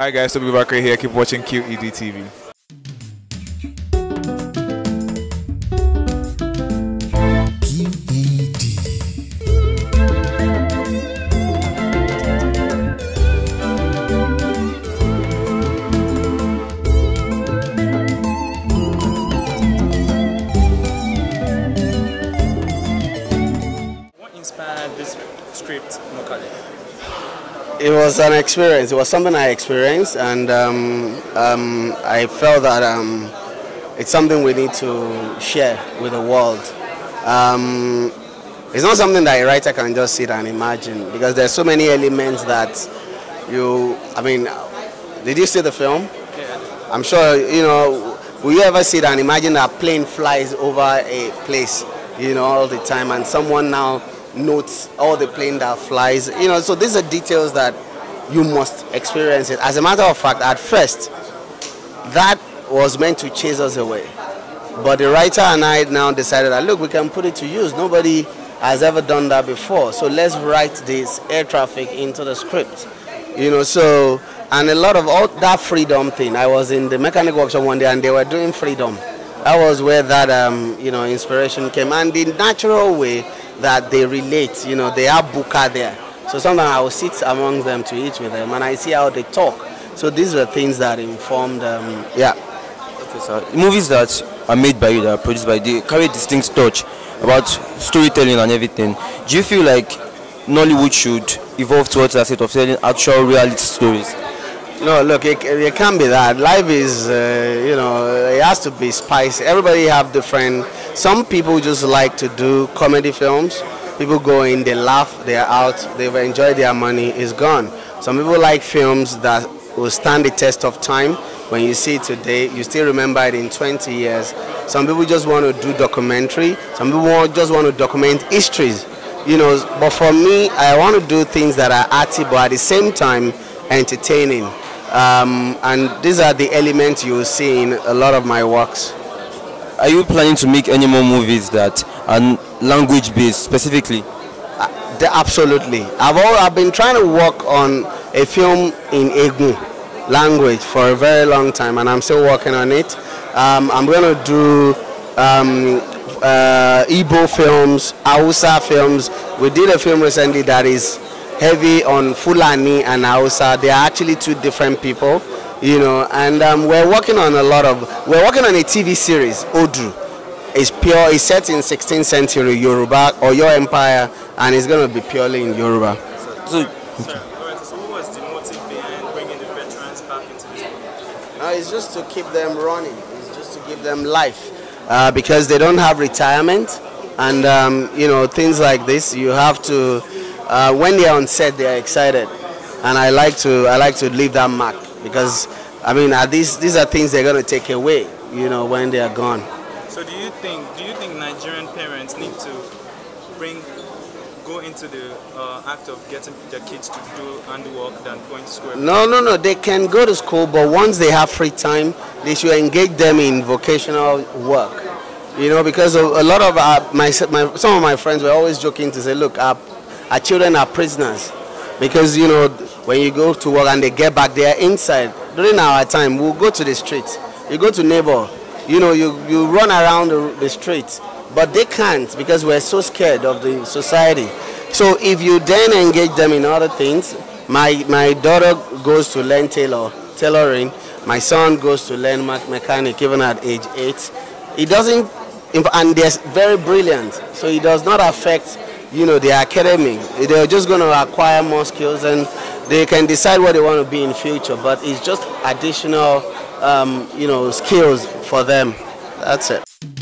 All right, guys, so we'll be back right here. Keep watching QED TV. What inspired this script locally? It was an experience. It was something I experienced, and um, um, I felt that um, it's something we need to share with the world. Um, it's not something that a writer can just sit and imagine because there's so many elements that you. I mean, did you see the film? Yeah. I'm sure you know. Will you ever sit and imagine a plane flies over a place, you know, all the time, and someone now notes, all the plane that flies. You know, so these are details that you must experience it. As a matter of fact, at first, that was meant to chase us away. But the writer and I now decided that, look, we can put it to use. Nobody has ever done that before. So let's write this air traffic into the script. You know, so, and a lot of all that freedom thing. I was in the mechanic workshop one day and they were doing freedom. That was where that, um, you know, inspiration came. And the natural way that they relate. You know, they have buka there. So sometimes I will sit among them to eat with them and I see how they talk. So these were things that informed, um, yeah. Okay, so movies that are made by you, that are produced by you, carry distinct touch about storytelling and everything. Do you feel like Nollywood should evolve towards a set of telling actual reality stories? No, look, it, it can't be that. Life is, uh, you know, it has to be spicy. Everybody have different some people just like to do comedy films. People go in, they laugh, they're out, they've enjoyed their money, it's gone. Some people like films that will stand the test of time. When you see it today, you still remember it in 20 years. Some people just want to do documentary. Some people just want to document histories. You know, but for me, I want to do things that are arty, but at the same time, entertaining. Um, and these are the elements you will see in a lot of my works are you planning to make any more movies that are language based specifically? Uh, absolutely. I've, all, I've been trying to work on a film in Igbo language for a very long time and I'm still working on it. Um, I'm going to do um, uh, Igbo films, Hausa films. We did a film recently that is heavy on Fulani and Hausa. They are actually two different people you know, and um, we're working on a lot of, we're working on a TV series, Odru. It's pure, it's set in 16th century Yoruba or your empire, and it's going to be purely in Yoruba. So, uh, it's just to keep them running. It's just to give them life uh, because they don't have retirement, and um, you know things like this. You have to. Uh, when they are on set, they are excited and I like to I like to leave that mark because I mean these these are things they're gonna take away, you know, when they are gone. So do you think do you think Nigerian parents need to bring go into the uh, act of getting their kids to do handwork than going to school? No, no, no. They can go to school, but once they have free time, they should engage them in vocational work. You know, because a, a lot of our, my, my, some of my friends were always joking to say, look, our, our children are prisoners because you know when you go to work and they get back, they are inside. During our time, we'll go to the streets. You go to neighbor, you know, you, you run around the, the streets. But they can't because we're so scared of the society. So if you then engage them in other things, my, my daughter goes to learn tailor, tailoring. My son goes to learn mechanic even at age eight. It doesn't, and they're very brilliant, so it does not affect, you know, the academic. They're just going to acquire more skills and they can decide what they want to be in future, but it's just additional, um, you know, skills for them. That's it.